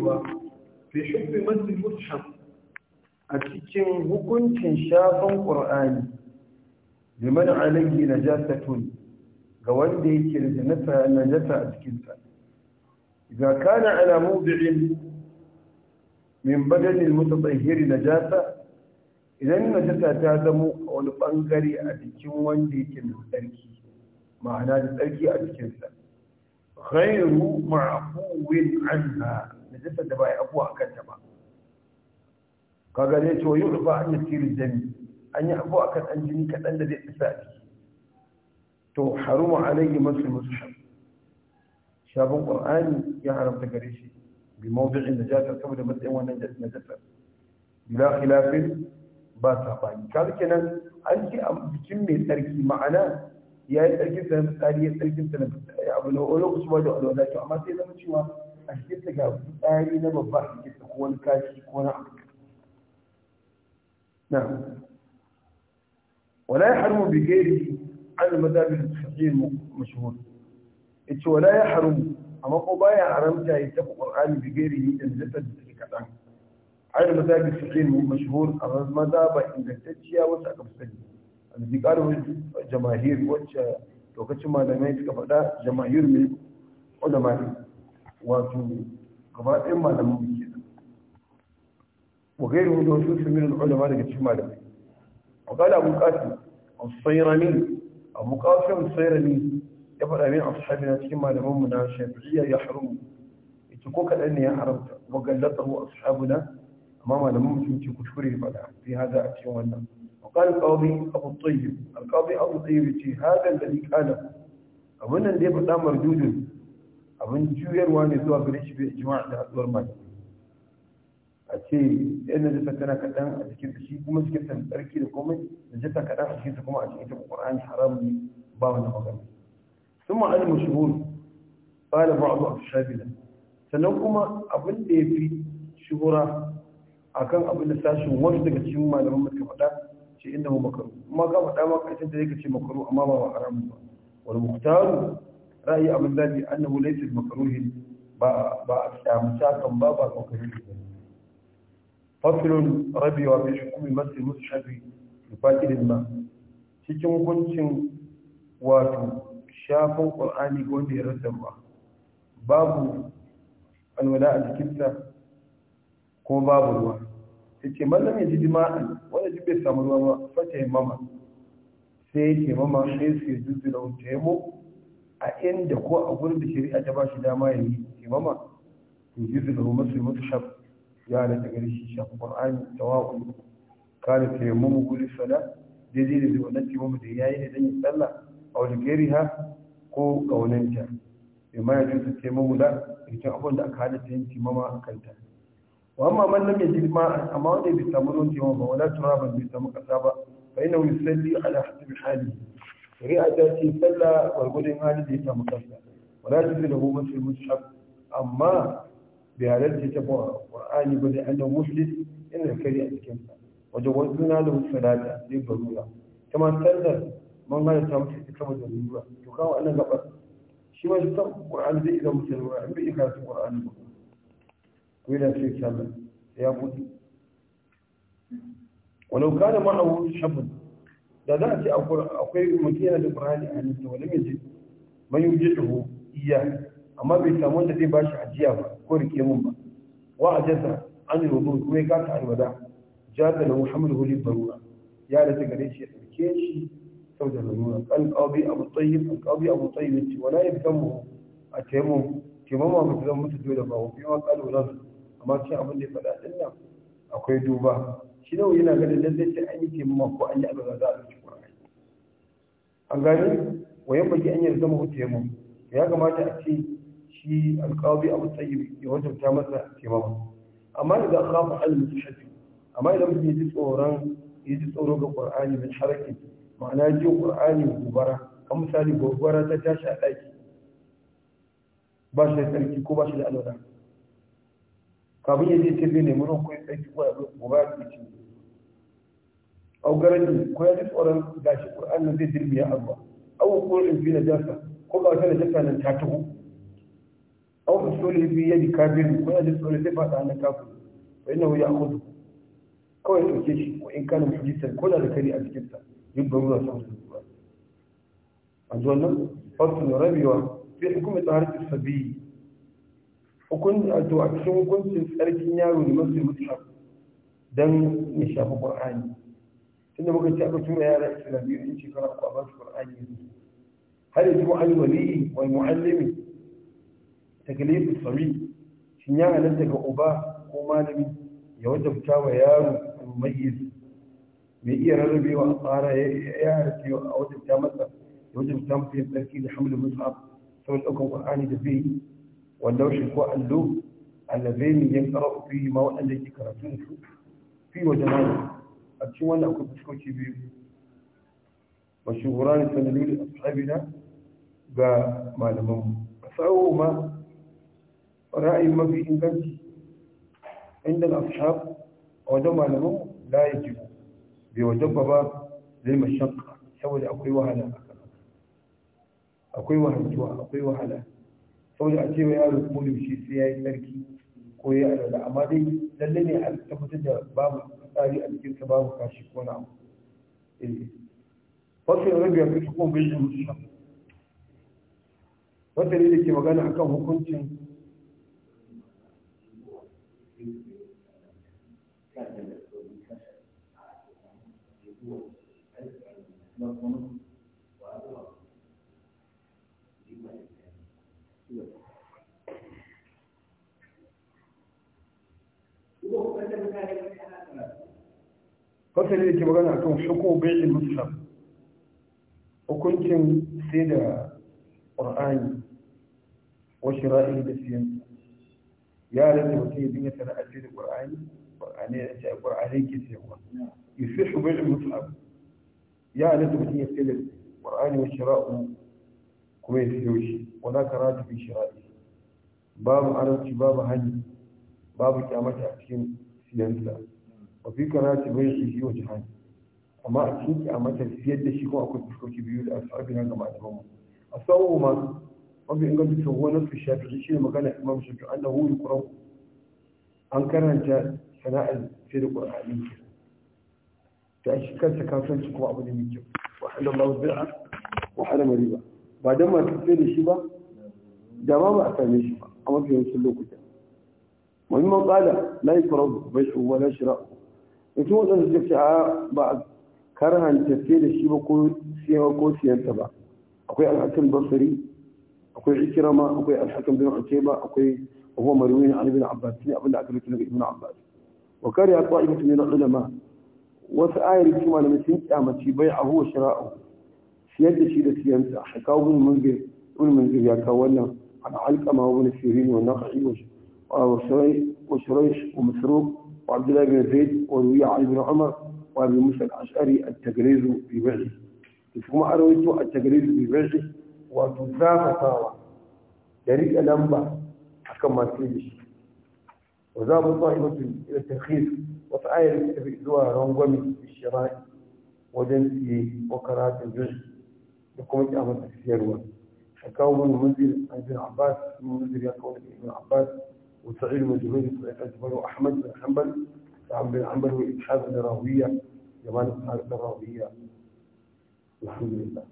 cewa fi shubbi masu hushan a cikin hukuncin shafin ƙur'ani neman alagi na jasatun ga wanda yake rizinata na jasa a cikinta ga kana alamu bi'in min bagajin mutu tsahiri na jasa. idan na jasa ta zamo a wani ɓangare a cikin wanda yake da tsarki ma'ana da tsarki a cikinsa غير معقول عنها najasar da ba ya abuwa a kanta ba kaga zai ce wa yi rufa an yasiru jami an yi abuwa akan an jini kaɗan da zai isa a ciki to haruma alayhi masu musu shafin ƙur'ani ya haramta gare shi bi mawdu'in najasa saboda matsayin wannan najasa bila khilafin ba sabani kaga kenan an ce a bikin mai tsarki ma'ana ya yi tsarkin sa na fitsari ya tsarkin sa na fitsari abu na wani lokaci ba da alwala to amma sai zama cewa a jikinta ga tsari na babba a jikinta ko wani kashi ko na abu na wala ya harmu bi gairi an mazabin fiye mashahur ya ce wala ya harmu amma ko baya haramta ya taɓa ƙwar'ani bi gairi yi da zata da take kaɗan an mazabin fiye mashahur a mazaba ingantacciya wata aka fi sani alzikarun jamahir wacce lokacin malamai suka faɗa jamahir mai ulama ne wato gaba ɗin malamin mu ke nan wa gairu da wasu su mirin ulama daga cikin malamai a kala abu kasim al-sairani abu kasim al-sairani ya faɗa min ashabi na cikin malaman mu na shafi'iyya ya haramu ita ko kaɗan ne ya haramta wa gallata wa ashabuna amma malaman mutum sun ce kuskure faɗa fi haza a cikin wannan kala abu وقال القاضي abu الطيب ce أبو da ni الذي قاله da ya يبقى marjudin abin juyarwa ne zuwa gare shi bai ijma da haɗuwar malamai a ce da ta tana kaɗan a cikin shi kuma cikin ta tsarki da komai jata kaɗan a cikin ta kuma a cikin ta ƙwar'an haram ne ba wani magana sun ma'ana mashuhur ƙala ba abu a da sannan kuma abin da ya fi shuhura kan abin da sashen wasu daga cikin malaman mutum faɗa ce inda mu makaru kuma ka faɗa ma ƙarshen da ya ka ce makaru amma ba wa haram ba wani muhtaru ra'ayi abin zabi annahu laysa makruhin ba ba kyamta kan ba ba kokari fasilun rabi wa bi shukum masjid mushafi da fatilin ma cikin hukuncin wato shafin qur'ani ga wanda ya rasa ba babu alwala a jikinsa ko babu ruwa yace mallam ya ji dima'an wanda ji bai samu ruwa ba fata mama sai yake mama sai su yi juzu da wuce mu a inda ko a gurin da shari'a ta ba shi dama ya yi imama to yi da zama masu mutu shaf ya na ta gari shi shafi ƙwar'ani tawa'u kare ta yi mummu guri sada daidai da zai wannan timamu da ya yi da don yi tsalla a wani gari ha ko ƙaunanta bai ma ya ce su taimamu da rikin abin da aka hada ta yin timama a kanta wa amma man lam yajid ma amma wanda bai samu ruwan timama ba wala turaban bai samu kasa ba fa wani yusalli ala hasbi halihi shari'a ta ce sallah gwargwadon halin da ya samu kansa wala ta fi da goma ce mushaf amma bai halarci ta ba qur'ani ba da annan muslis inda kare a cikinsa wajen wani suna da salata zai barura kama sallar man halatta mutu ita kama da ruwa to kawo annan gabar shi ma shi san qur'ani zai idan mutu ruwa in bai iya karatu qur'ani ba ko yana ce sallar ya buɗe ولو كان معه شاب da za a ce akwai mutum yana da ƙur'ani a hannunsa wani mai ji mai yi ho iya amma bai samu wanda zai bashi ajiya ba ko rike mun ba wa a jasa an yi rubu kuma ya kasa wada jasa da muhammadu huli barura ya da ta gare shi ya ɗauke shi sau da barura kan ƙaubi abu tsayyib an ƙaubi abu tsayyib ce wala ya fitan mu a taimu taimama ma mutu zan mutu dole ba wafi ma ƙalu nan amma cin abin da ya faɗa ɗin nan akwai duba shi nawa yana ganin lallai sai an yi taimama ko an yi alwada za a ɗauki an gane wa yamma ki an yarda mu taimu ya kamata a ce shi alqabi abu tayyib ya wajabta masa taimama amma idan khafa al mutahaddi amma idan mutum ji tsoron ji tsoro ga qur'ani min harakin ma'ana ji qur'ani gobara kan misali gobara ta tashi a daki ba shi da tsarki ko ba shi da alwala kafin ya je tabi ne mun ko tsarki ko ya gobara ta ci augaranci ko ya ji tsoron gashi ƙur'an nan zai dirbiya a ruwa au ƙorin fi na jasa ko ba wata na jasa nan ta taho au usuli bi ji kabirin ko ya ji tsoron zai faɗa nan kafin fa inna ya akhudhu kawai ɗauke shi ko in kana muhajjisan ko da da kari a cikin sa yin garuwa sa su zuwa an ji wannan fasul rabiwa fi hukumar tsarin sabi hukunci a cikin hukuncin tsarkin yaro ne masu mutu don ya shafi ƙur'ani inda muka ce aka tura yara islamiyyu in shekara uku a basu qur'ani hal yajibu an wali wal muallimi taklifu sabi shin ya halatta ga uba ko malami ya wajabta wa yaro mumayyiz mai iya rarrabewa a tsara ya halatta a wajabta masa ya wajabta masa ya tsarki da hamlin mus'ab saboda ɗaukan qur'ani da zai واللوش هو اللو الذين يقرأ فيه ما وأن يقرأ فيه في وجنانه a cikin wannan akwai fuskoki biyu mashuhuran da a sahabina ga malamanmu a tsawo ma ra'ayin mafi inganci inda al'ashab a wajen malamanmu la yi jibu bai wajen ba ba zai mashakka saboda akwai wahala a kan akwai wahaltuwa akwai wahala saboda a cewa yaro rufu shi sai ya yi tsarki ko ya yi alada amma dai lalle ne a tabbatar da babu tsari a cikin ka babu kashi ko na eh fasil rabiya ka ko bai yi wata ne da ke magana akan hukuncin Thank you. fasali da ke magana kan shuko bai musa hukuncin sai da ƙur'ani wa shira'i da siyan ya rasa mutum ya dinga sana'ar sai da ƙur'ani ƙur'ani ya ce ƙur'ani ke sayarwa yusuf shubai da musa ya rasa mutum ya sai da ƙur'ani wa shira'u kuma ya sayo shi wala karatu fi shira'i babu aranci babu hani babu kyamata a cikin siyansa وفي قراءة غيره في وجهان أما أكيد أما تفسير ده شيء أكو تفكر بيقول أصحابنا كما أتهم الصوم وفي إنجاز هو نفس الشافعي شيء ما كان الإمام الشافعي أنه يقرأ an karanta sana'ar sai da ƙwararrun ke ta shi kansa kasuwanci kuma abu ne mai kyau wahala ba zira wahala mari ba ba don masu sai da shi ba da ma ba a same shi ba a mafi yawancin lokuta muhimman tsada la yi faru bai shi wa la shira'u ita waɗanda suka ce a ba a karhanta sai da shi ba ko siyawa ko siyanta ba akwai alhakan basari akwai ikirama akwai alhakan bin utaiba akwai abu marwin ali bin abbas ne abinda aka rubuta daga ibnu abbas wa kare ya tsa'i mutum na ulama wasu ayar kuma da sun kyamaci bai a huwa shira'u siyar da shi da siyansa a kawo bin manzir ibn manzir ya kawo wannan an alƙama wa bin sirin wa naqi wa shirai wa masruq وعبد الله بن زيد وروي علي بن عمر وابي موسى الاشعري التجريز في بعضه ثم ارويت التجريز في بعضه وتزاف صاوى ذلك الانبا كما تريدش وذهب صاحبة الى الترخيص وتعالى في ذوها رنغمي في الشراء ودنسي وكرات الجزء لكم انت امر تكسير وقال من منزل ابن عباس منزل يقول ابن عباس وسعيد بن جبير أجبره أحمد بن حنبل وعم بن حنبل وإسحاق بن راهوية جمال إسحاق بن راهوية الحمد لله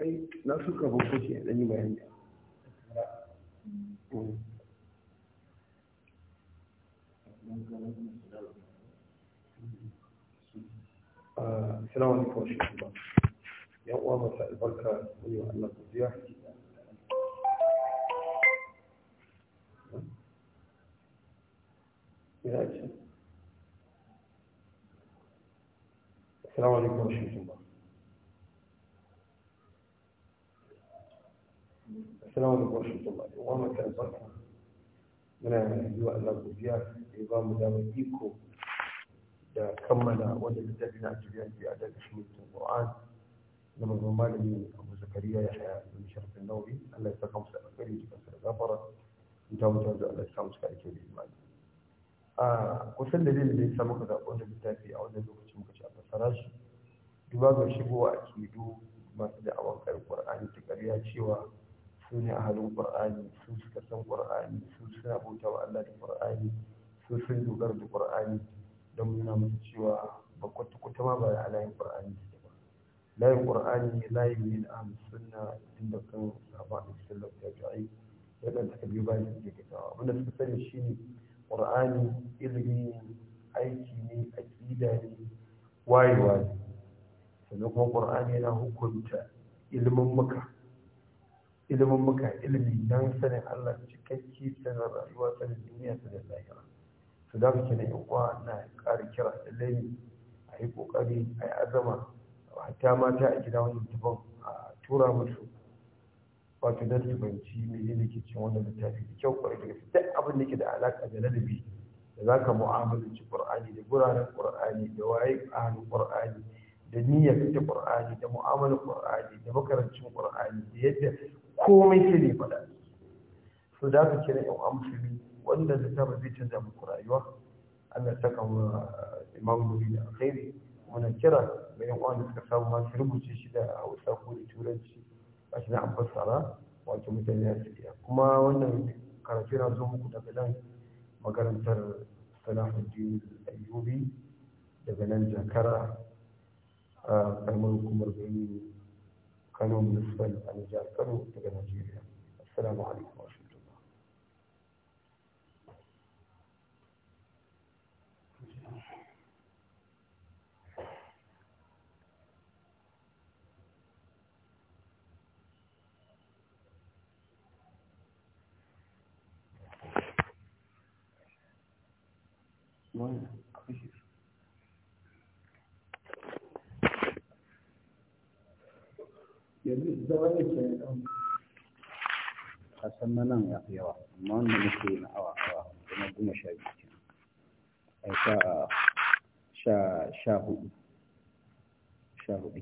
اي لا suka bauta ce a ɗanyi bayani Thank you. السلام الحلواني فوش الشباب يوم مساء البركة ويو أن الزياح السلام عليكم ورحمة الله السلام عليكم ورحمة الله وما كان بركة من أهل الله وزياد إيضا مدامة ديكو da kammala wanda littafin na ajiyar ke a daga shi mutum Qur'an na babban malami Abu Zakariya ya haya bin sharfin nauyi Allah ya saka musu alkhairi da kansa da gafara in ta mutu da Allah ya saka musu aikin da imani a kusan da dalilin da ya samu ka zaɓi wannan littafi a wannan lokacin muka ci a fassara shi duba ga shigowa a kido masu da awon karin Qur'ani ta ƙarya cewa su ne halin Qur'ani su suka san Qur'ani su suna bautawa Allah da Qur'ani su sun dogara da Qur'ani don nuna musu cewa ba kwata-kwata ma ba a layin ƙur'ani ne ba layin ƙur'ani ne layin ne na ahlus sunna inda kan sahaban sallallahu alaihi wa sallam yadda suka biyo ba shi ke kasawa abinda suka sani shine ƙur'ani ilimi ne aiki ne aƙida ne wayewa ne sannan kuma ƙur'ani yana hukunta ilimin muka ilimin muka ilimi don sanin allah cikakke sanin rayuwa sanin duniya sanin lahira su da kake nan uwa na ƙara kira lallai a yi ƙoƙari a yi azama hatta mata a gida wani littafin a tura musu wato da su fahimci mene ne ke cin wannan littafi da kyau ƙwarai daga duk abin da ke da alaƙa da ladabi da za ka mu'amalanci ƙur'ani da guraren ƙur'ani da waye ahalin ƙur'ani da niyyar ta ƙur'ani da mu'amalar Kur'ani, da makarancin Kur'ani, da yadda komai ke ne faɗa su da ka kira yan amfani wannan littafin zai canza muku rayuwa Allah ta saka mu imam buri da alkhairi muna kira mai yan uwan da suka samu ma shi da Hausa ko da Turanci a shi na amfasara wato mutane ya su kuma wannan karatu na zo muku daga nan makarantar Salahuddin Ayyubi daga nan Jakara a kalmar hukumar Benin Kano Municipal a Nijar Kano daga Najeriya. Assalamu alaikum. yanzu zama kasan na nan ya fi yawa amma wanda muke na awa awa kuma goma sha biyu ke ai sha sha hudu sha hudu